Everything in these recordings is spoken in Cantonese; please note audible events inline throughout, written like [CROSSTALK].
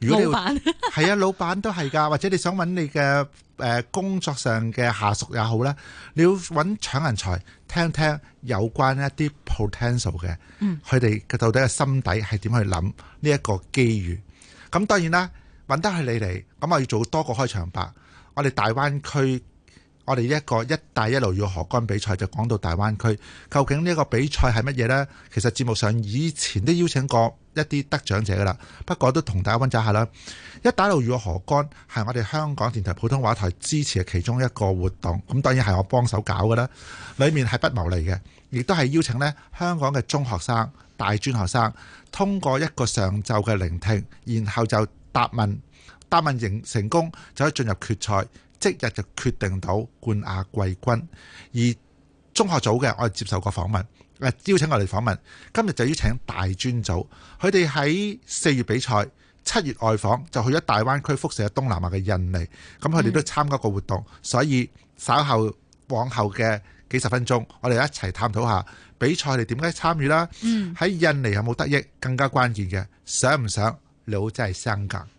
如果你要係 [LAUGHS] 啊，老闆都係噶，或者你想揾你嘅誒工作上嘅下屬也好咧，你要揾搶人才，聽聽有關一啲 potential 嘅，嗯，佢哋嘅到底嘅心底係點去諗呢一個機遇？咁當然啦，揾得係你嚟，咁我要做多個開場白，我哋大灣區。我哋一個一帶一路與我何干比賽就講到大灣區，究竟呢個個比賽係乜嘢呢？其實節目上以前都邀請過一啲得獎者噶啦，不過都同大家溫習下啦。一帶一路與我何干係我哋香港電台普通話台支持嘅其中一個活動，咁當然係我幫手搞㗎啦。裏面係不牟利嘅，亦都係邀請呢香港嘅中學生、大專學生，通過一個上晝嘅聆聽，然後就答問，答問成成功就可以進入決賽。即日就決定到冠亞季軍，而中學組嘅我哋接受過訪問，誒、呃、邀請我哋訪問。今日就邀請大專組，佢哋喺四月比賽，七月外訪就去咗大灣區輻射東南亞嘅印尼，咁佢哋都參加過活動。所以稍後往後嘅幾十分鐘，我哋一齊探討下比賽你點解參與啦。喺印尼有冇得益？更加關鍵嘅想唔想老系生梗？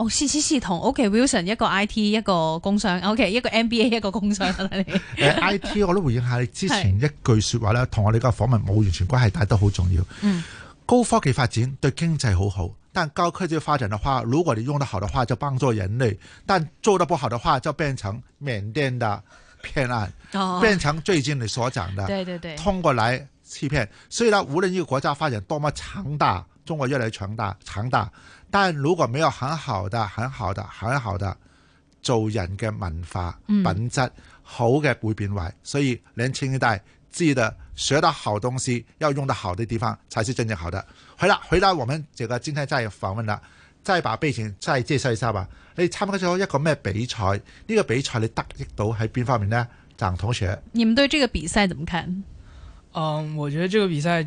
哦，是是是，同 OK Wilson 一個 IT 一個工商，OK 一個 MBA 一個工商你 [LAUGHS] [LAUGHS] IT 我都回應下你之前一句說話咧，同我哋個訪問冇完全關係，但係都好重要。嗯，高科技發展對經濟好好，但係高科技發展嘅話，如果你用得好嘅話就幫助人類，但做得不好嘅話就變成緬甸的騙案、哦，變成最近你所講的，對對對，通過嚟，欺騙。所以咧，無論一個國家發展多麼強大，中國越來越強大，強大。但如果沒有很好的、很好的、很好的做人嘅文化品質、嗯、好嘅會變壞。所以年輕一代記得學到好東西，要用到好的地方，才是真正好的。好啦，回到我們這個今天再訪問啦，再把背景再介紹一下吧。你參加咗一個咩比賽？呢個比賽你得益到喺邊方面呢？蔣同學，你們對這個比賽怎麼看？嗯，我覺得這個比賽。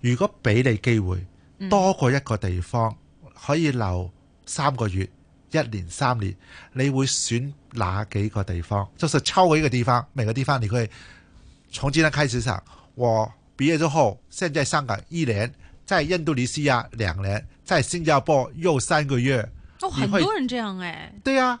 如果俾你機會多過一個地方、嗯、可以留三個月、一年、三年，你會選哪幾個地方？就是抽一個地方，每個地方你可以從今天開始想，我畢業之後，現在香港一年，在印度尼西亞兩年，在新加坡又三個月。哦，很多人這樣誒？對呀、啊。